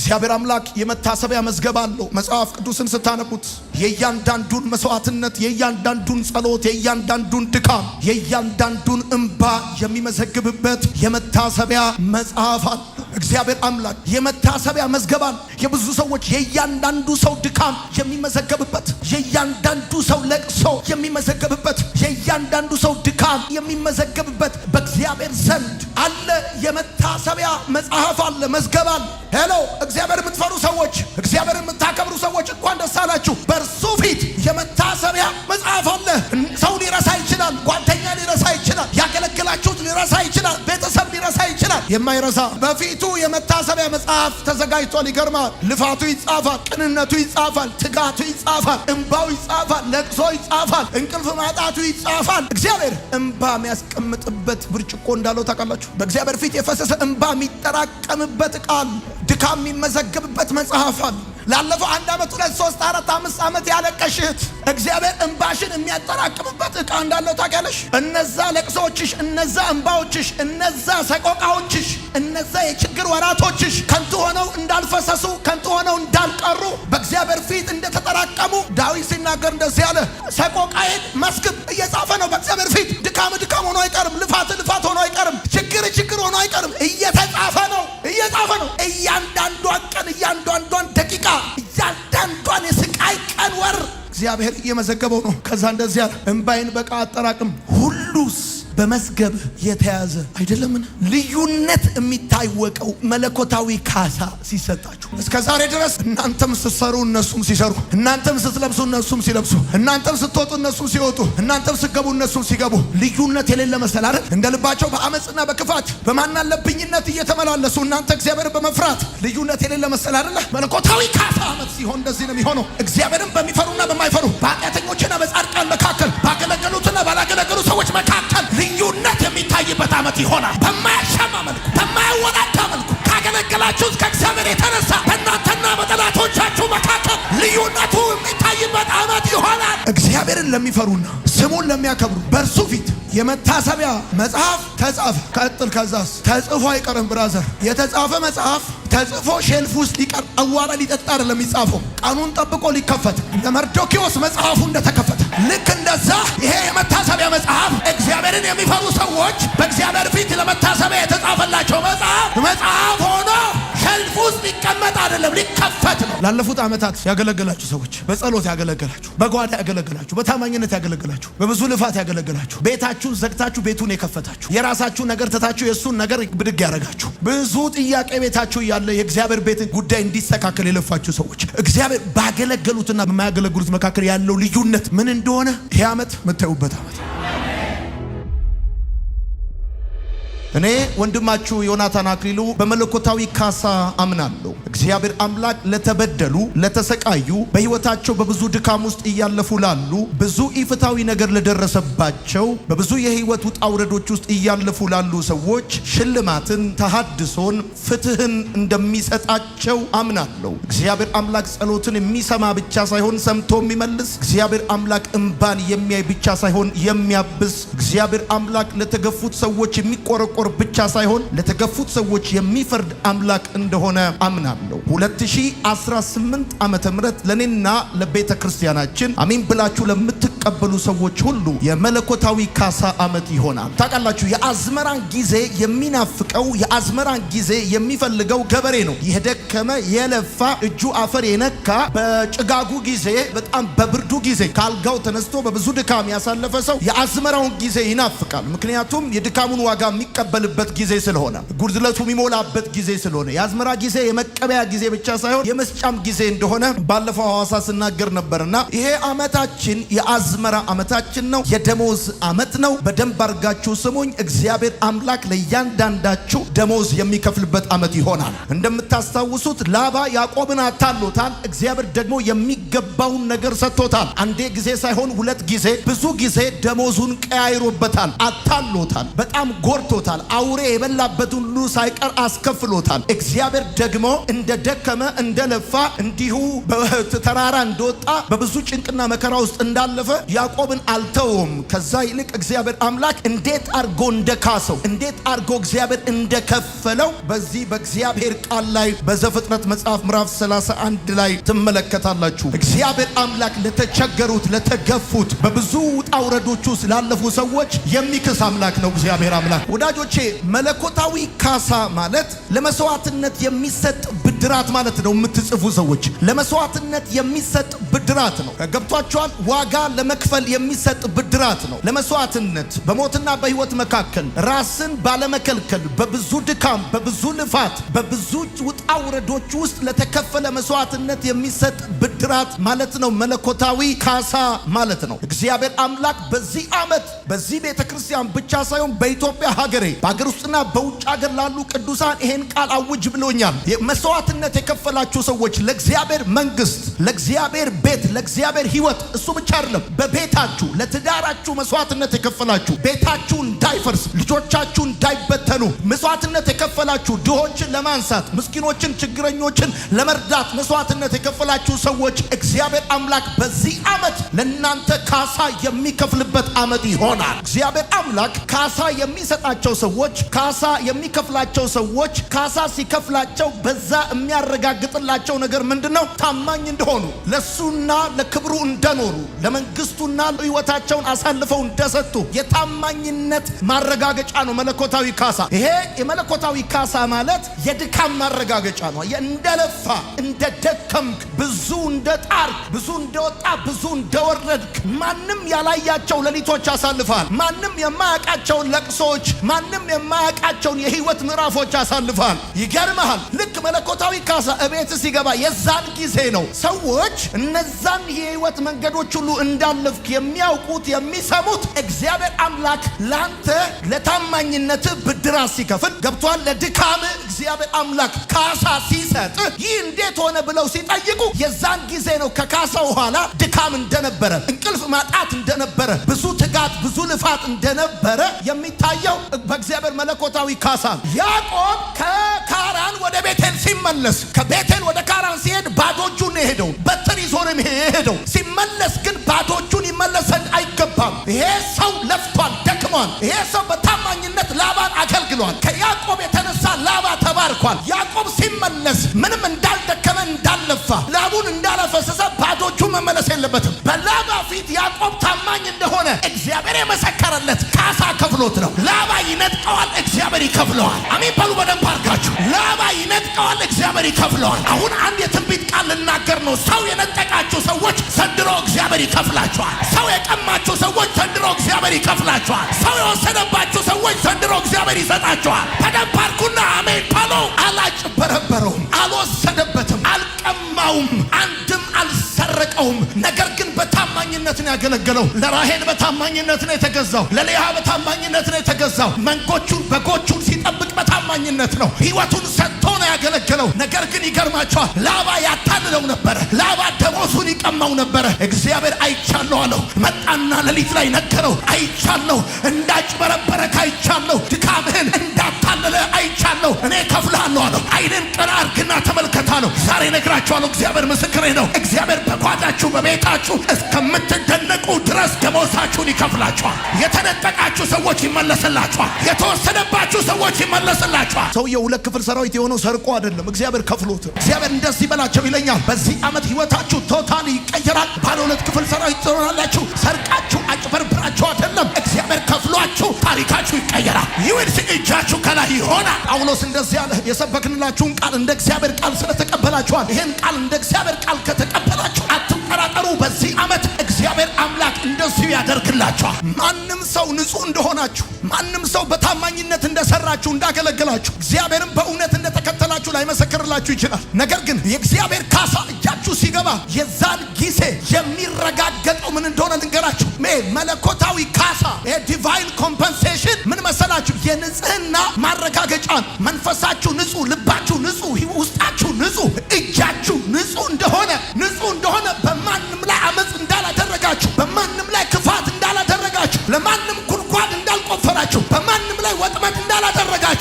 እግዚአብሔር አምላክ የመታሰቢያ መዝገብ አለው። መጽሐፍ ቅዱስን ስታነቡት የእያንዳንዱን መስዋዕትነት፣ የእያንዳንዱን ጸሎት፣ የእያንዳንዱን ድካም፣ የእያንዳንዱን እንባ የሚመዘግብበት የመታሰቢያ መጽሐፍ አለ። እግዚአብሔር አምላክ የመታሰቢያ መዝገባን የብዙ ሰዎች የእያንዳንዱ ሰው ድካም የሚመዘገብበት የእያንዳንዱ ሰው ለቅሶ የሚመዘገብበት የእያንዳንዱ ሰው ድካም የሚመዘገብበት በእግዚአብሔር ዘንድ አለ። የመታሰቢያ መጽሐፍ አለ፣ መዝገብ ሄሎ እግዚአብሔር የምትፈሩ ሰዎች፣ እግዚአብሔር የምታከብሩ ሰዎች እንኳን ደስ አላችሁ። በእርሱ ፊት የመታሰቢያ መጽሐፍ አለ። የማይረሳ በፊቱ የመታሰቢያ መጽሐፍ ተዘጋጅቷል። ይገርማል። ልፋቱ ይጻፋል፣ ቅንነቱ ይጻፋል፣ ትጋቱ ይጻፋል፣ እምባው ይጻፋል፣ ለቅሶ ይጻፋል፣ እንቅልፍ ማጣቱ ይጻፋል። እግዚአብሔር እምባ የሚያስቀምጥበት ብርጭቆ እንዳለው ታውቃላችሁ። በእግዚአብሔር ፊት የፈሰሰ እምባ የሚጠራቀምበት ቃል ድካም የሚመዘግብበት መጽሐፍ አለ። ላለፈው አንድ ዓመት ሁለት ሶስት አራት አምስት ዓመት ያለቀሽ እግዚአብሔር እንባሽን የሚያጠራቅምበት እቃ እንዳለው ታውቂያለሽ። እነዛ ለቅሶችሽ፣ እነዛ እንባዎችሽ፣ እነዛ ሰቆቃዎችሽ፣ እነዛ የችግር ወራቶችሽ ከንቱ ሆነው እንዳልፈሰሱ ከንቱ ሆነው እንዳልቀሩ በእግዚአብሔር ፊት እንደተጠራቀሙ ዳዊት ሲናገር እንደዚህ ያለ ሰቆቃዬን መስክብ እየጻፈ ነው በእግዚአብሔር ፊት ድካም ድካም ሆኖ አይቀርም ልፋትን እግዚአብሔር እየመዘገበው ነው። ከዛ እንደዚያ ያለ እምባይን በቃ አጠራቅም ሁሉ በመዝገብ የተያዘ አይደለምን? ልዩነት የሚታወቀው መለኮታዊ ካሳ ሲሰጣችሁ። እስከ ዛሬ ድረስ እናንተም ስትሰሩ እነሱም ሲሰሩ፣ እናንተም ስትለብሱ እነሱም ሲለብሱ፣ እናንተም ስትወጡ እነሱም ሲወጡ፣ እናንተም ስትገቡ እነሱም ሲገቡ፣ ልዩነት የሌለ መሰል አይደል? እንደ ልባቸው በአመፅና በክፋት በማናለብኝነት እየተመላለሱ እናንተ እግዚአብሔርን በመፍራት ልዩነት የሌለ መሰል አይደለ? መለኮታዊ ካሳ አመት ሲሆን እንደዚህ ነው የሚሆነው። እግዚአብሔርን በሚፈሩና በማይፈሩ በኃጢአተኞችና በጻድቃን መካከል በሚያገለግሉ ሰዎች መካከል ልዩነት የሚታይበት ዓመት ይሆናል። በማያሻማ መልኩ፣ በማያወላዳ መልኩ ካገለገላችሁት ከእግዚአብሔር የተነሳ በእናንተና በጠላቶቻችሁ መካከል ልዩነቱ የሚታይበት ዓመት ይሆናል። እግዚአብሔርን ለሚፈሩና ስሙን ለሚያከብሩ በእርሱ ፊት የመታሰቢያ መጽሐፍ ተጻፈ። ቀጥል። ከዛስ ተጽፎ አይቀርም ብራዘር፣ የተጻፈ መጽሐፍ ተጽፎ ሼልፍ ውስጥ ሊቀር አዋራ ሊጠጣ አይደለም ቀኑን ጠብቆ ሊከፈት ለመርዶኪዎስ መጽሐፉ እንደተከፈተ ልክ እንደዛ ይሄ የመታሰቢያ መጽሐፍ እግዚአብሔርን የሚፈሩ ሰዎች በእግዚአብሔር ፊት ለመታሰቢያ የተጻፈላቸው መጽሐፍ መጽሐፍ ሆኖ ሰልፍ ውስጥ ሊቀመጥ አይደለም፣ ሊከፈት ነው። ላለፉት ዓመታት ያገለገላችሁ ሰዎች፣ በጸሎት ያገለገላችሁ፣ በጓዳ ያገለገላችሁ፣ በታማኝነት ያገለገላችሁ፣ በብዙ ልፋት ያገለገላችሁ፣ ቤታችሁን ዘግታችሁ ቤቱን የከፈታችሁ፣ የራሳችሁ ነገር ትታችሁ የእሱን ነገር ብድግ ያደረጋችሁ፣ ብዙ ጥያቄ ቤታችሁ እያለ የእግዚአብሔር ቤት ጉዳይ እንዲስተካከል የለፋችሁ ሰዎች እግዚአብሔር ባገለገሉትና በማያገለግሉት መካከል ያለው ልዩነት ምን እንደሆነ ይህ ዓመት የምታዩበት ዓመት እኔ ወንድማችሁ ዮናታን አክሊሉ በመለኮታዊ ካሳ አምናለሁ። እግዚአብሔር አምላክ ለተበደሉ፣ ለተሰቃዩ፣ በሕይወታቸው በብዙ ድካም ውስጥ እያለፉ ላሉ፣ ብዙ ኢፍታዊ ነገር ለደረሰባቸው፣ በብዙ የሕይወት ውጣ ውረዶች ውስጥ እያለፉ ላሉ ሰዎች ሽልማትን፣ ተሃድሶን፣ ፍትህን እንደሚሰጣቸው አምናለሁ። እግዚአብሔር አምላክ ጸሎትን የሚሰማ ብቻ ሳይሆን ሰምቶ የሚመልስ እግዚአብሔር አምላክ እንባን የሚያይ ብቻ ሳይሆን የሚያብስ እግዚአብሔር አምላክ ለተገፉት ሰዎች የሚቆረቆ ለማቆር ብቻ ሳይሆን ለተገፉት ሰዎች የሚፈርድ አምላክ እንደሆነ አምናለሁ። 2018 ዓመተ ምህረት ለእኔና ለቤተ ክርስቲያናችን አሚን ብላችሁ ለምትቀበሉ ሰዎች ሁሉ የመለኮታዊ ካሳ ዓመት ይሆናል። ታውቃላችሁ፣ የአዝመራን ጊዜ የሚናፍቀው የአዝመራን ጊዜ የሚፈልገው ገበሬ ነው። የደከመ የለፋ እጁ አፈር የነካ በጭጋጉ ጊዜ በጣም በብርዱ ጊዜ ከአልጋው ተነስቶ በብዙ ድካም ያሳለፈ ሰው የአዝመራውን ጊዜ ይናፍቃል። ምክንያቱም የድካሙን ዋጋ የሚቀበል የምንቀበልበት ጊዜ ስለሆነ ጉድለቱ የሚሞላበት ጊዜ ስለሆነ የአዝመራ ጊዜ የመቀበያ ጊዜ ብቻ ሳይሆን የመስጫም ጊዜ እንደሆነ ባለፈው ሐዋሳ ስናገር ነበርና ይሄ አመታችን የአዝመራ አመታችን ነው፣ የደሞዝ አመት ነው። በደንብ አርጋችሁ ስሙኝ። እግዚአብሔር አምላክ ለእያንዳንዳችሁ ደሞዝ የሚከፍልበት አመት ይሆናል። እንደምታስታውሱት ላባ ያዕቆብን አታሎታል። እግዚአብሔር ደግሞ የሚገባውን ነገር ሰጥቶታል። አንዴ ጊዜ ሳይሆን ሁለት ጊዜ፣ ብዙ ጊዜ ደሞዙን ቀያይሮበታል፣ አታሎታል፣ በጣም ጎድቶታል። አድርጎታል። አውሬ የበላበት ሁሉ ሳይቀር አስከፍሎታል። እግዚአብሔር ደግሞ እንደ ደከመ እንደለፋ እንዲሁ ተራራ እንደወጣ በብዙ ጭንቅና መከራ ውስጥ እንዳለፈ ያዕቆብን አልተውም። ከዛ ይልቅ እግዚአብሔር አምላክ እንዴት አርጎ እንደካሰው እንዴት አርጎ እግዚአብሔር እንደከፈለው በዚህ በእግዚአብሔር ቃል ላይ በዘፍጥረት መጽሐፍ ምዕራፍ 31 ላይ ትመለከታላችሁ። እግዚአብሔር አምላክ ለተቸገሩት፣ ለተገፉት በብዙ ውጣ ውረዶች ውስጥ ላለፉ ሰዎች የሚክስ አምላክ ነው እግዚአብሔር አምላክ ወዳጆች ወገኖቼ መለኮታዊ ካሳ ማለት ለመስዋዕትነት የሚሰጥ ብድራት ማለት ነው። የምትጽፉ ሰዎች ለመስዋዕትነት የሚሰጥ ብድራት ነው። ገብቷችኋል? ዋጋ ለመክፈል የሚሰጥ ብድራት ነው። ለመስዋዕትነት በሞትና በህይወት መካከል ራስን ባለመከልከል በብዙ ድካም፣ በብዙ ልፋት፣ በብዙ ውጣ ውረዶች ውስጥ ለተከፈለ መስዋዕትነት የሚሰጥ ብድራት ማለት ነው። መለኮታዊ ካሳ ማለት ነው። እግዚአብሔር አምላክ በዚህ ዓመት በዚህ ቤተ ክርስቲያን ብቻ ሳይሆን በኢትዮጵያ ሀገሬ በሀገር ውስጥና በውጭ ሀገር ላሉ ቅዱሳን ይሄን ቃል አውጅ ብሎኛል። መስዋዕት መስዋዕትነት የከፈላችሁ ሰዎች ለእግዚአብሔር መንግስት፣ ለእግዚአብሔር ቤት፣ ለእግዚአብሔር ህይወት እሱ ብቻ አይደለም፣ በቤታችሁ ለትዳራችሁ መስዋዕትነት የከፈላችሁ ቤታችሁ እንዳይፈርስ፣ ልጆቻችሁ እንዳይበተኑ መስዋዕትነት የከፈላችሁ ድሆችን ለማንሳት፣ ምስኪኖችን፣ ችግረኞችን ለመርዳት መስዋዕትነት የከፈላችሁ ሰዎች እግዚአብሔር አምላክ በዚህ ዓመት ለእናንተ ካሳ የሚከፍልበት ዓመት ይሆናል። እግዚአብሔር አምላክ ካሳ የሚሰጣቸው ሰዎች፣ ካሳ የሚከፍላቸው ሰዎች ካሳ ሲከፍላቸው በዛ የሚያረጋግጥላቸው ነገር ምንድን ነው? ታማኝ እንደሆኑ፣ ለሱና ለክብሩ እንደኖሩ፣ ለመንግስቱና ህይወታቸውን አሳልፈው እንደሰጡ የታማኝነት ማረጋገጫ ነው መለኮታዊ ካሳ። ይሄ የመለኮታዊ ካሳ ማለት የድካም ማረጋገጫ ነው። እንደለፋ እንደደከምክ፣ ብዙ እንደጣርክ፣ ብዙ እንደወጣ፣ ብዙ እንደወረድክ፣ ማንም ያላያቸው ሌሊቶች አሳልፈሃል። ማንም የማያውቃቸውን ለቅሶዎች፣ ማንም የማያውቃቸውን የህይወት ምዕራፎች አሳልፈሃል። ይገርመሃል ልክ መለኮታዊ ፍትሐዊ ካሳ እቤት ሲገባ የዛን ጊዜ ነው ሰዎች እነዛን የህይወት መንገዶች ሁሉ እንዳለፍክ የሚያውቁት የሚሰሙት እግዚአብሔር አምላክ ለአንተ ለታማኝነት ብድራ ሲከፍል ገብቷል። ለድካም እግዚአብሔር አምላክ ካሳ ሲሰጥ ይህ እንዴት ሆነ ብለው ሲጠይቁ የዛን ጊዜ ነው ከካሳ በኋላ ድካም እንደነበረ፣ እንቅልፍ ማጣት እንደነበረ፣ ብዙ ትጋት ብዙ ልፋት እንደነበረ የሚታየው በእግዚአብሔር መለኮታዊ ካሳ ነው። ያዕቆብ ከ ከካራን ወደ ቤቴል ሲመለስ ከቤቴል ወደ ካራን ሲሄድ ባዶ እጁን የሄደው በትር ይዞ ነው የሄደው። ሲመለስ ግን ባዶ እጁን ይመለሰን አይገባም። ይሄ ሰው ለፍቷል፣ ደክሟል። ይሄ ሰው በታማኝነት ላባን አገልግሏል። ከያዕቆብ የተነሳ ላባ ተባርኳል። ያዕቆብ ሲመለስ ምንም እንዳልደከመ እንዳልለፋ፣ ላቡን እንዳላፈሰሰ ባዶ እጁ መመለስ የለበትም። በላባ ፊት ያዕቆብ ታማኝ እንደሆነ እግዚአብሔር የመሰከረለት ካሳ ከፍሎት ነው። ላባ ይነጥቀዋል። እግዚአብሔር ይከፍለዋል። አሜን በሉ በደንብ አድርጋችሁ። ላባ ይነጥቀዋል፣ እግዚአብሔር ይከፍለዋል። አሁን አንድ የትንቢት ቃል ልናገር ነው። ሰው የነጠቃችሁ ሰዎች ዘንድሮ እግዚአብሔር ይከፍላችኋል። ሰው የቀማችሁ ሰዎች ዘንድሮ እግዚአብሔር ይከፍላችኋል። ሰው የወሰደባችሁ ሰዎች ዘንድሮ እግዚአብሔር ይሰጣችኋል። በደንብ አድርጉና አሜን በሉ። አላጭበረበረውም፣ አልወሰደበትም፣ አልቀማውም፣ አንድም አልሰረቀውም ነገር ግን በታማኝነት ነው ያገለገለው። ለራሄል በታማኝነት ነው የተገዛው። ለሌሃ በታማኝነት ነው የተገዛው። መንጎቹን በጎቹን ሲጠብቅ በታማኝነት ነው ህይወቱን ሰጥቶ ነው ያገለገለው። ነገር ግን ይገርማቸዋል። ላባ ያታልለው ነበረ። ላባ ደሞሱን ይቀማው ነበረ። እግዚአብሔር አይቻለሁ አለው። መጣና ሌሊት ላይ ነገረው። አይቻለሁ እንዳጭበረበረ አይቻለሁ፣ ድካምህን ስትጸለ አይቻለሁ፣ እኔ ከፍልሃለሁ አለው። አይንን ቀና አርግና አለው። ዛሬ ነግራችኋለሁ፣ እግዚአብሔር ምስክሬ ነው። እግዚአብሔር በጓዳችሁ በቤታችሁ እስከምትደነቁ ድረስ ደሞዛችሁን ይከፍላችኋል። የተነጠቃችሁ ሰዎች ይመለስላችኋል። የተወሰደባችሁ ሰዎች ይመለስላችኋል። ሰውየው ሁለት ክፍል ሰራዊት የሆነው ሰርቆ አይደለም፣ እግዚአብሔር ከፍሎት። እግዚአብሔር እንደዚህ በላቸው ይለኛል፣ በዚህ ዓመት ህይወታችሁ ቶታል ይቀየራል። ባለ ሁለት ክፍል ሰራዊት ትሆናላችሁ። ሰርቃችሁ አጭበርብራችሁ አይደለም፣ እግዚአብሔር ከፍሏችሁ ታሪካችሁ ይቀየራል። ይውድ እጃችሁ ከላይ ይሆናል። ጳውሎስ እንደዚህ ያለ የሰበክንላችሁን ቃል እንደ እግዚአብሔር ቃል ስለተቀበላችኋል። ይሄን ቃል እንደ እግዚአብሔር ቃል ከተቀበላችሁ ሳትጠራጠሩ በዚህ ዓመት እግዚአብሔር አምላክ እንደዚሁ ያደርግላችኋል። ማንም ሰው ንጹህ እንደሆናችሁ፣ ማንም ሰው በታማኝነት እንደሰራችሁ፣ እንዳገለግላችሁ፣ እግዚአብሔርን በእውነት እንደተከተላችሁ ላይመሰክርላችሁ ይችላል። ነገር ግን የእግዚአብሔር ካሳ እጃችሁ ሲገባ የዛን ጊዜ የሚረጋገጠው ምን እንደሆነ ልንገራችሁ። መለኮታዊ ካሳ ዲቫይን ኮምፐንሴሽን ምን መሰላችሁ? የንጽህና ማረጋገጫ መንፈሳችሁ ንጹህ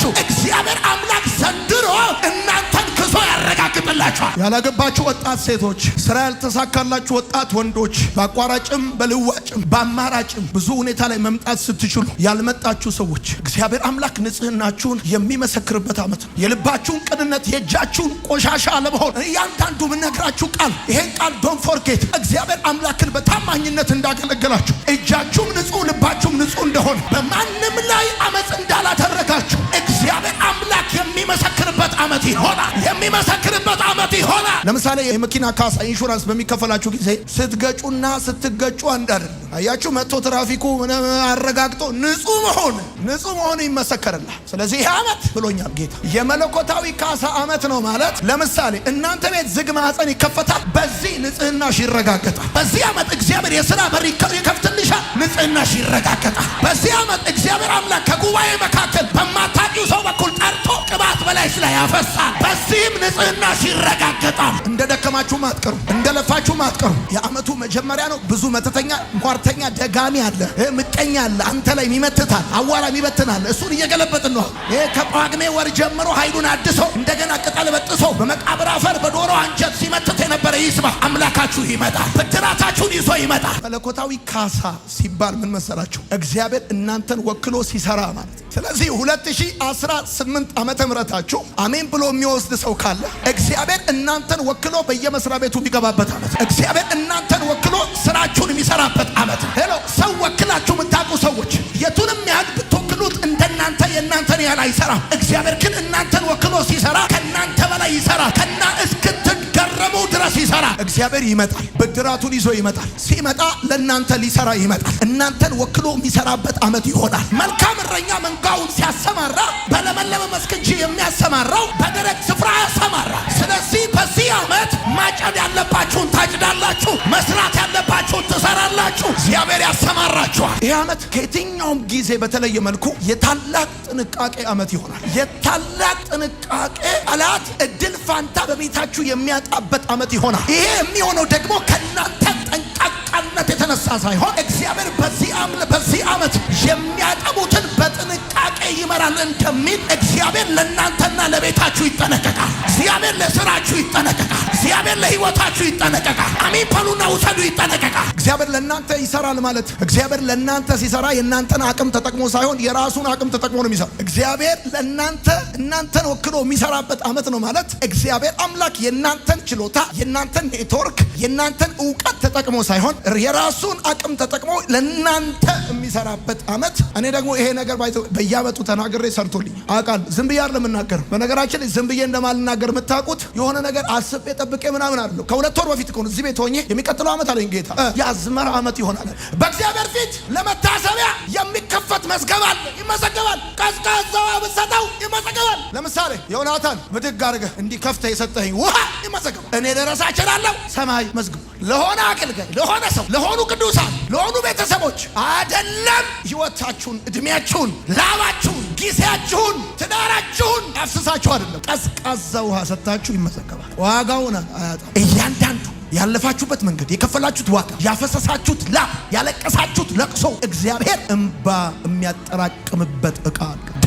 to ይሆንላችኋል። ያላገባችሁ ወጣት ሴቶች፣ ስራ ያልተሳካላችሁ ወጣት ወንዶች፣ በአቋራጭም በልዋጭም በአማራጭም ብዙ ሁኔታ ላይ መምጣት ስትችሉ ያልመጣችሁ ሰዎች እግዚአብሔር አምላክ ንጽህናችሁን የሚመሰክርበት ዓመት ነው። የልባችሁን ቅንነት፣ የእጃችሁን ቆሻሻ አለመሆን እያንዳንዱ ምነግራችሁ ቃል ይሄን ቃል ዶን ፎርጌት እግዚአብሔር አምላክን በታማኝነት እንዳገለገላችሁ እጃችሁም ንጹህ ልባችሁም ንጹህ እንደሆነ በማንም ላይ አመፅ እንዳላደረጋችሁ እግዚአብሔር አምላክ የሚመሰክርበት ዓመት ይሆናል። የሚመሰክርበት ዓመት ዓመት ይሆናል። ለምሳሌ የመኪና ካሳ ኢንሹራንስ በሚከፈላችሁ ጊዜ ስትገጩና ስትገጩ አንድ አይደለም። አያችሁ፣ መጥቶ ትራፊኩ አረጋግጦ ንጹህ መሆን ንጹህ መሆን ይመሰከርላል። ስለዚህ ይህ ዓመት ብሎኛል ጌታ የመለኮታዊ ካሳ ዓመት ነው ማለት። ለምሳሌ እናንተ ቤት ዝግ ማህፀን ይከፈታል። በዚህ ንጽህናሽ ይረጋገጣል። በዚህ ዓመት እግዚአብሔር የሥራ በር ይከፍትልሻል። ንጽህናሽ ይረጋገጣል። በዚህ ዓመት እግዚአብሔር አምላክ ከጉባኤ መካከል በማታውቂው ሰው በኩል ጠርቶ ቅባት በላይሽ ላይ ያፈሳል። በዚህም ንጽህናሽ ይረ ይረጋገጣል። እንደ ደከማችሁ ማትቀሩ፣ እንደ ለፋችሁ ማትቀሩ። የአመቱ መጀመሪያ ነው። ብዙ መተተኛ፣ ሟርተኛ፣ ደጋሚ አለ፣ ምቀኛ አለ፣ አንተ ላይ ይመትታል፣ አዋራ ይበትናል። እሱን እየገለበጥን ነው። ይሄ ከጳጉሜ ወር ጀምሮ ኃይሉን አድሰው እንደገና ቅጠል በጥሶ በመቃብር አፈር በዶሮ አንጀት ሲመትት የነበረ ይስማ አምላካችሁ ይመጣል። ብድራታችሁን ይዞ ይመጣል። መለኮታዊ ካሳ ሲባል ምን መሰላችሁ? እግዚአብሔር እናንተን ወክሎ ሲሰራ ማለት ስለዚህ 2018 ዓመተ ምህረታችሁ አሜን ብሎ የሚወስድ ሰው ካለ እግዚአብሔር እናንተን ወክሎ በየመስሪያ ቤቱ የሚገባበት ዓመት፣ እግዚአብሔር እናንተን ወክሎ ስራችሁን የሚሰራበት ዓመት። ሄሎ ሰው ወክላችሁ የምታውቁ ሰዎች የቱንም ያህል ብትወክሉት እንደናንተ የእናንተን ያህል አይሰራም። እግዚአብሔር ግን እናንተን ወክሎ ሲሰራ ከእናንተ በላይ ይሰራል። ከና እስክትገረሙ ድረስ ይሰራል። እግዚአብሔር ይመጣል። ብድራቱን ይዞ ይመጣል። ሲመጣ ለእናንተ ሊሰራ ይመጣል። እናንተን ወክሎ የሚሰራበት ዓመት ይሆናል። መልካም እረኛ መንጋውን ሲያሰማራ በለመለመ መስክ እንጂ የሚያሰማራው በደረቅ ስፍራ ያሰማራ። ስለዚህ በዚህ ዓመት ማጨድ ያለባችሁን ታጭዳላችሁ፣ መስራት ያለባችሁን ትሰራላችሁ። እግዚአብሔር ያሰማራችኋል። ይህ ዓመት ከየትኛውም ጊዜ በተለየ መልኩ የታላቅ ጥንቃቄ ዓመት ይሆናል። የታላቅ ጥንቃቄ አላ ጠላት እድል ፋንታ በቤታችሁ የሚያጣበት ዓመት ይሆናል። ይሄ የሚሆነው ደግሞ ከእናንተ ጠንቃቃነት የተነሳ ሳይሆን እግዚአብሔር በዚህ ዓመት የሚያጠቡትን በጥንቃቄ ይመራል እንደሚል እግዚአብሔር ለእናንተና ለቤታችሁ ይጠነቀቃል። እግዚአብሔር ለስራችሁ ይጠነቀቃል። እግዚአብሔር ለሕይወታችሁ ይጠነቀቃል። አሚን በሉና ውሰዱ። ይጠነቀቃል። እግዚአብሔር ለእናንተ ይሰራል ማለት እግዚአብሔር ለእናንተ ሲሰራ የእናንተን አቅም ተጠቅሞ ሳይሆን የራሱን አቅም ተጠቅሞ ነው የሚሰራ። እግዚአብሔር ለእናንተ እናንተን ወክሎ የሚሰራበት ዓመት ዓመት ነው ማለት እግዚአብሔር አምላክ የእናንተን ችሎታ የእናንተን ኔትወርክ የእናንተን እውቀት ተጠቅሞ ሳይሆን የራሱን አቅም ተጠቅሞ ለእናንተ የሚሰራበት አመት። እኔ ደግሞ ይሄ ነገር ባይ በየአመቱ ተናግሬ ሰርቶልኝ አውቃል። ዝም ብዬ ለምናገር በነገራችን ዝም ብዬ እንደማልናገር የምታውቁት የሆነ ነገር አስቤ ጠብቄ ምናምን አለሁ። ከሁለት ወር በፊት ከሆኑ እዚህ ቤት ሆኜ የሚቀጥለው ዓመት አለኝ ጌታ የአዝመራ ዓመት ይሆናል። በእግዚአብሔር ፊት ለመታሰቢያ የሚከፈት መዝገባል ይመዘገባል። ቀዝቃዛው ብሰጠው ይመዘገባል። ለምሳሌ ዮናታን ምድ ጥግ አድርገህ እንዲህ ከፍተህ ውሃ ይመዘገባ። እኔ ደረሳ እችላለሁ። ሰማይ መዝግቧል። ለሆነ አገልጋይ፣ ለሆነ ሰው፣ ለሆኑ ቅዱሳን፣ ለሆኑ ቤተሰቦች አደለም ህይወታችሁን፣ እድሜያችሁን፣ ላባችሁን፣ ጊዜያችሁን፣ ትዳራችሁን አፍስሳችሁ አደለም። ቀዝቃዛ ውሃ ሰጥታችሁ ይመዘገባል። ዋጋውን አያጣም እያንዳንዱ ያለፋችሁበት መንገድ የከፈላችሁት ዋጋ ያፈሰሳችሁት ላ ያለቀሳችሁት ለቅሶ እግዚአብሔር እምባ የሚያጠራቅምበት ዕቃ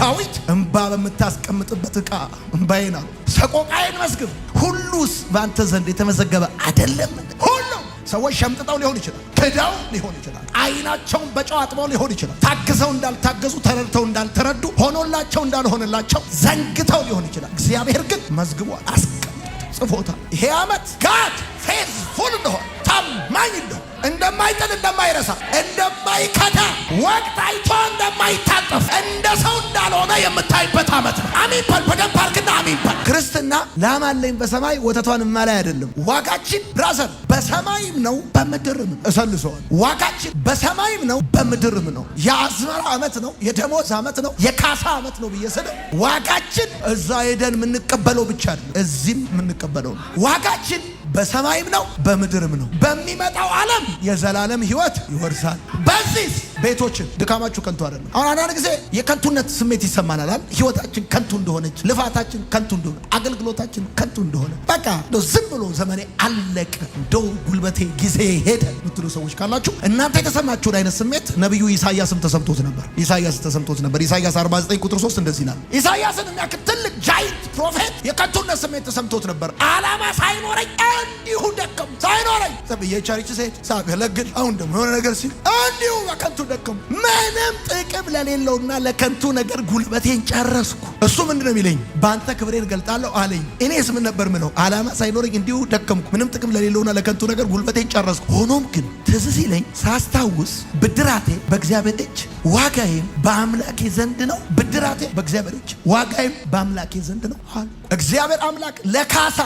ዳዊት እንባ በምታስቀምጥበት ዕቃ እንባዬን አሉ ሰቆቃዬን መስግብ። ሁሉስ በአንተ ዘንድ የተመዘገበ አይደለም? ሁሉ ሰዎች ሸምጥጠው ሊሆን ይችላል፣ ክደው ሊሆን ይችላል፣ አይናቸውን በጨው አጥበው ሊሆን ይችላል፣ ታግዘው እንዳልታገዙ፣ ተረድተው እንዳልተረዱ፣ ሆኖላቸው እንዳልሆነላቸው ዘንግተው ሊሆን ይችላል። እግዚአብሔር ግን መዝግቧል፣ አስቀምጥ ጽፎታል። ይሄ ዓመት ጋድ ፌዝፉል እንደሆነ ታማኝ እንደሆነ እንደማይጥል እንደማይረሳ እንደማይከዳ ወቅት አይቶ እንደማይታጠፍ እንደ ሰው እንዳልሆነ የምታይበት ዓመት ነው። አሚን በል በደንብ አድርግና አሚን በል። ክርስትና ላም በሰማይ ወተቷን እማላይ አይደለም። ዋጋችን ብራዘር በሰማይም ነው በምድርም እሰልሰዋል። ዋጋችን በሰማይም ነው በምድርም ነው። የአዝመራ ዓመት ነው፣ የደሞዝ ዓመት ነው፣ የካሳ ዓመት ነው ብዬ ስለ ዋጋችን እዛ ሄደን የምንቀበለው ብቻ አይደለም፣ እዚህም የምንቀበለው ነው ዋጋችን በሰማይም ነው በምድርም ነው። በሚመጣው ዓለም የዘላለም ህይወት ይወርሳል። በዚህ ቤቶችን ድካማችሁ ከንቱ አይደለም። አሁን አንዳንድ ጊዜ የከንቱነት ስሜት ይሰማናል። ህይወታችን ከንቱ እንደሆነች፣ ልፋታችን ከንቱ እንደሆነ፣ አገልግሎታችን ከንቱ እንደሆነ በቃ ዝም ብሎ ዘመኔ አለቀ እንደው ጉልበቴ ጊዜ ሄደ የምትሉ ሰዎች ካላችሁ እናንተ የተሰማችሁን አይነት ስሜት ነቢዩ ኢሳያስም ተሰምቶት ነበር። ኢሳያስ ተሰምቶት ነበር። ኢሳያስ 49 ቁጥር 3 እንደዚህ ይላል ኢሳያስን የሚያክል ትልቅ ጃይንት ፕሮፌት የከንቱነት ስሜት ተሰምቶት ነበር። አላማ ሳይኖረኝ እንዲሁ ደከሙ። ሳይኖረኝ የቸርች ሴት ሳገለግል አሁን ደግሞ የሆነ ነገር ሲል እንዲሁ በከንቱ ደከሙ። ምንም ጥቅም ለሌለውና ለከንቱ ነገር ጉልበቴን ጨረስኩ። እሱ ምንድን ነው የሚለኝ? በአንተ ክብሬን ገልጣለሁ አለኝ። እኔስ ምን ነበር ምለው? አላማ ሳይኖረኝ እንዲሁ ደከምኩ። ምንም ጥቅም ለሌለውና ለከንቱ ነገር ጉልበቴን ጨረስኩ። ሆኖም ግን ትዝ ሲለኝ ሳስታውስ ብድራቴ በእግዚአብሔር እጅ ዋጋዬም በአምላኬ ዘንድ ነው፣ ብድራቴ በእግዚአብሔር እጅ ዋጋዬም በአምላኬ ዘንድ ነው አሉ። እግዚአብሔር አምላክ ለካሳ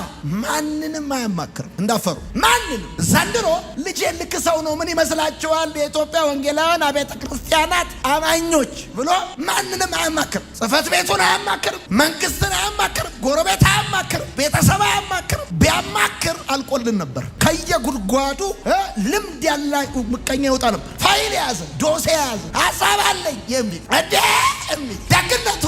ማንንም አያማክርም። እንዳፈሩ ማንንም ዘንድሮ ልጅ ልክ ሰው ነው ምን ይመስላችኋል? የኢትዮጵያ ወንጌላውያን አብያተ ክርስቲያናት አማኞች ብሎ ማንንም አያማክርም። ጽህፈት ቤቱን አያማክርም፣ መንግስትን አያማክርም፣ ጎረቤት አያማክርም፣ ቤተሰብ አያማክርም። ቢያማክር አልቆልን ነበር። ከየጉድጓዱ ልምድ ያለ ምቀኛ ይወጣ ነበር። ፋይል የያዘ ዶሴ የያዘ ሀሳብ አለኝ የሚል የሚል ደግነቱ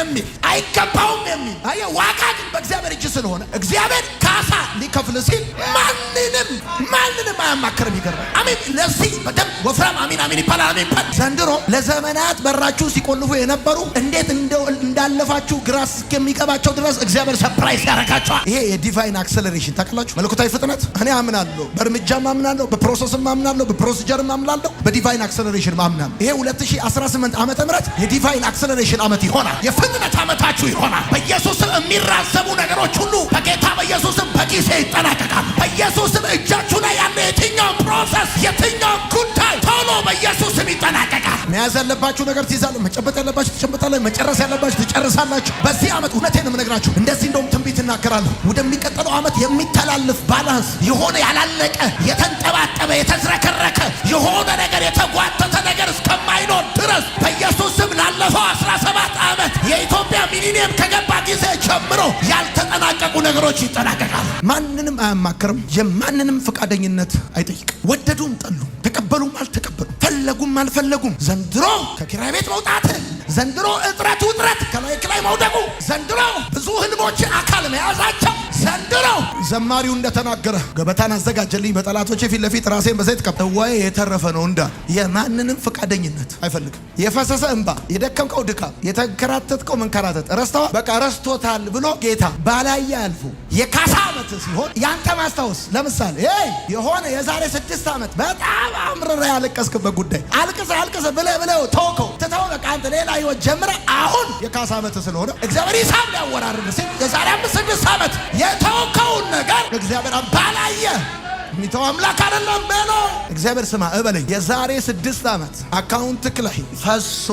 የሚል አይገባውም የሚል አየህ፣ ዋጋ ግን በእግዚአብሔር እጅ ስለሆነ እግዚአብሔር ካሳ ሊከፍል ሲል ማንንም ማንንም አያማክርም። ይገርማል። አሜን። ለዚህ በደምብ ወፍራም አሜን፣ አሜን ይባላል። አሜን ይባል። ዘንድሮ ለዘመናት በራችሁ ሲቆልፉ የነበሩ እንዴት እንዳለፋችሁ ግራ እስከሚገባቸው ድረስ እግዚአብሔር ሰፕራይዝ ያደርጋቸዋል። ይሄ የዲቫይን አክሰለሬሽን ታውቃላችሁ፣ መለኮታዊ ፍጥነት። እኔ አምናለሁ፣ በእርምጃም አምናለሁ፣ በፕሮሰስም አምናለሁ፣ በፕሮሲጀርም አምናለሁ፣ በዲቫይን አክሰለሬሽን አምናለሁ። ይሄ 2018 ዓመተ ምህረት የዲቫይን አክሰለሬሽን ዓመት ይሆናል። በፍጥነት ዓመታችሁ ይሆናል። በኢየሱስም የሚራዘሙ ነገሮች ሁሉ በጌታ በኢየሱስም በጊዜ ይጠናቀቃል። በኢየሱስም እጃችሁ ላይ ያለ የትኛውም ፕሮሰስ፣ የትኛውም ጉዳይ ቶሎ በኢየሱስም ይጠናቀቃል። መያዝ ያለባችሁ ነገር ትይዛለ፣ መጨበጥ ያለባችሁ ትጨበጣለ፣ መጨረስ ያለባችሁ ትጨርሳላችሁ። በዚህ ዓመት እውነቴን የምነግራችሁ እንደዚህ እንደውም ትንቢት እናገራለሁ። ወደሚቀጥለው ዓመት የሚተላለፍ ባላንስ የሆነ ያላለቀ የተንጠባጠበ የተዝረከረከ የሆነ ነገር የተጓተተ ነገር እስከማይኖር ድረስ በኢየሱስም ላለፈው አስራ የኢትዮጵያ ሚሊኒየም ከገባ ጊዜ ጀምሮ ያልተጠናቀቁ ነገሮች ይጠናቀቃል። ማንንም አያማክርም። የማንንም ፈቃደኝነት አይጠይቅም። ወደዱም ጠሉ፣ ተቀበሉም አልተቀበሉም፣ ፈለጉም አልፈለጉም። ዘንድሮ ከኪራይ ቤት መውጣት፣ ዘንድሮ እጥረት ውጥረት ከላይ ከላይ መውደቁ፣ ዘንድሮ ብዙ ህልሞች አካል መያዛቸው ዘንድሮ ዘማሪው እንደተናገረ ገበታን አዘጋጀልኝ በጠላቶቼ ፊት ለፊት ራሴን በዘይት ቀባ ዋዬ የተረፈ ነው እንዳ የማንንም ፈቃደኝነት አይፈልግም። የፈሰሰ እንባ፣ የደከምከው ድካም፣ የተንከራተትከው መንከራተት ረስተዋል በቃ ረስቶታል ብሎ ጌታ ባላየ አልፎ የካሳ ዓመት ሲሆን ያንተ ማስታወስ ለምሳሌ የሆነ የዛሬ ስድስት ዓመት በጣም አምርራ ያለቀስክበት ጉዳይ አልቅሰ አልቅሰ ብለ ብለ ተውከው ትተው በቃ አንተ ሌላ ህይወት ጀምረ አሁን የካሳ ዓመት ስለሆነ እግዚአብሔር ሳም ሊያወራርድ ሲል የዛሬ አምስት ስድስት ዓመት የተውከውን ነገር እግዚአብሔር ባላየ የሚተው አምላክ አይደለም በለው። እግዚአብሔር ስማ እበለኝ። የዛሬ ስድስት ዓመት አካውንትክ ላይ ፈሶ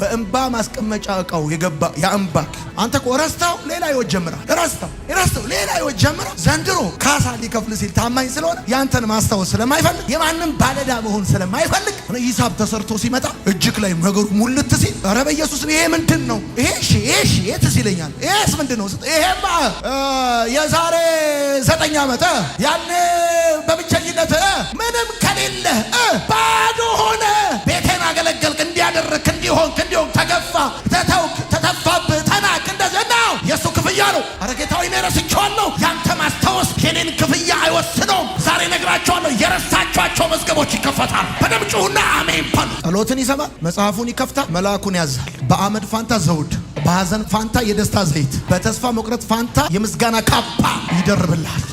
በእንባ ማስቀመጫ እቃው የገባ ያእንባክ አንተ እኮ ረስተው ሌላ ይወት ጀምራል። ረስተው ረስተው ሌላ ይወት ጀምራ ዘንድሮ ካሳ ሊከፍል ሲል ታማኝ ስለሆነ ያንተን ማስታወስ ስለማይፈልግ የማንም ባለዳ መሆን ስለማይፈልግ ሂሳብ ተሰርቶ ሲመጣ እጅክ ላይ ነገሩ ሙልት ሲል ኧረ በኢየሱስ ይሄ ምንድን ነው? ይሄ ይሄ ትስ ይለኛል። ይሄስ ምንድን ነው? ይሄማ የዛሬ ዘጠኝ ዓመት ያኔ በብቸኝነት ምንም ከሌለ ባዶ ሆነ ቤቴን አገለገልክ፣ እንዲያደርክ እንዲሆንክ እንዲሆን ተገፋ፣ ተተውክ፣ ተተፋብህ፣ ተናቅ እንደዚህ ነው። የእሱ ክፍያ ነው። አረ ጌታዊ እኔ ያንተ ማስታወስ የኔን ክፍያ አይወስነውም። ዛሬ ነግራቸዋለሁ፣ የረሳቸኋቸው መዝገቦች ይከፈታል። በደምጭሁና አሜን በሉ። ጸሎትን ይሰማል፣ መጽሐፉን ይከፍታል፣ መልአኩን ያዛል። በአመድ ፋንታ ዘውድ በሐዘን ፋንታ የደስታ ዘይት፣ በተስፋ መቁረጥ ፋንታ የምስጋና ካባ ይደርብልሃል።